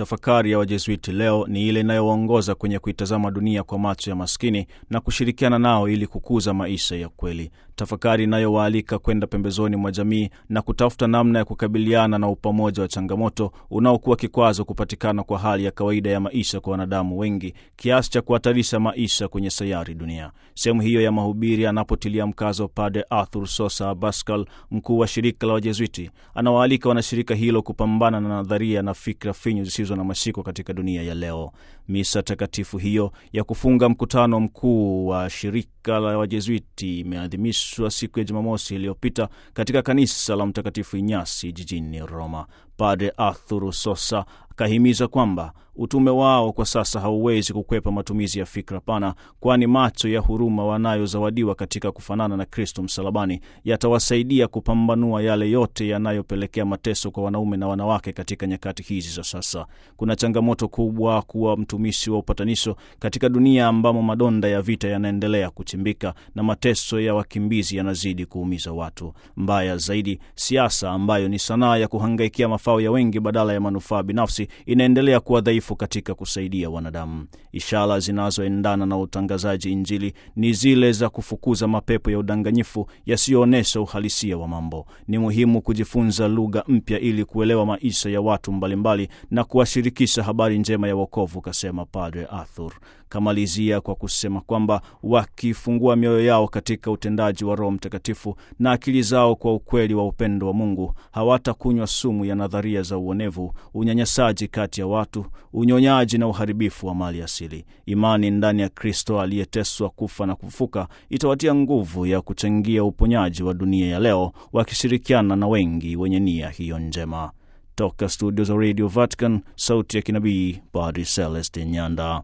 Tafakari ya Wajesuiti leo ni ile inayowaongoza kwenye kuitazama dunia kwa macho ya maskini na kushirikiana nao ili kukuza maisha ya kweli tafakari inayowaalika kwenda pembezoni mwa jamii na kutafuta namna ya kukabiliana na upamoja wa changamoto unaokuwa kikwazo kupatikana kwa hali ya kawaida ya maisha kwa wanadamu wengi kiasi cha kuhatarisha maisha kwenye sayari dunia. Sehemu hiyo ya mahubiri anapotilia mkazo pade Arthur Sosa bascal mkuu wa shirika la Wajezuiti, anawaalika wanashirika hilo kupambana na nadharia na fikra finyu zisizo na mashiko katika dunia ya leo. Misa takatifu hiyo ya kufunga mkutano mkuu wa shirika la Wajezuiti imeadhimishwa siku ya Jumamosi iliyopita katika kanisa la Mtakatifu Inyasi jijini Roma. Padre Arthur Sosa akahimiza kwamba Utume wao kwa sasa hauwezi kukwepa matumizi ya fikra pana, kwani macho ya huruma wanayozawadiwa katika kufanana na Kristo msalabani yatawasaidia kupambanua yale yote yanayopelekea mateso kwa wanaume na wanawake katika nyakati hizi za sasa. Kuna changamoto kubwa kuwa mtumishi wa upatanisho katika dunia ambamo madonda ya vita yanaendelea kuchimbika na mateso ya wakimbizi yanazidi kuumiza watu. Mbaya zaidi, siasa ambayo ni sanaa ya kuhangaikia mafao ya wengi badala ya manufaa binafsi inaendelea kuwa dhaifu uaminifu katika kusaidia wanadamu. Ishara zinazoendana na utangazaji Injili ni zile za kufukuza mapepo ya udanganyifu yasiyoonyesha uhalisia wa mambo. Ni muhimu kujifunza lugha mpya ili kuelewa maisha ya watu mbalimbali na kuwashirikisha habari njema ya wokovu, kasema Padre Arthur. Kamalizia kwa kusema kwamba wakifungua mioyo yao katika utendaji wa Roho Mtakatifu na akili zao kwa ukweli wa upendo wa Mungu, hawatakunywa sumu ya nadharia za uonevu, unyanyasaji kati ya watu, unyonyaji na uharibifu wa mali asili. Imani ndani ya Kristo aliyeteswa kufa na kufuka itawatia nguvu ya kuchangia uponyaji wa dunia ya leo, wakishirikiana na wengi wenye nia hiyo njema. Toka studio za Radio Vatican, sauti ya kinabii, bari Celestin Nyanda.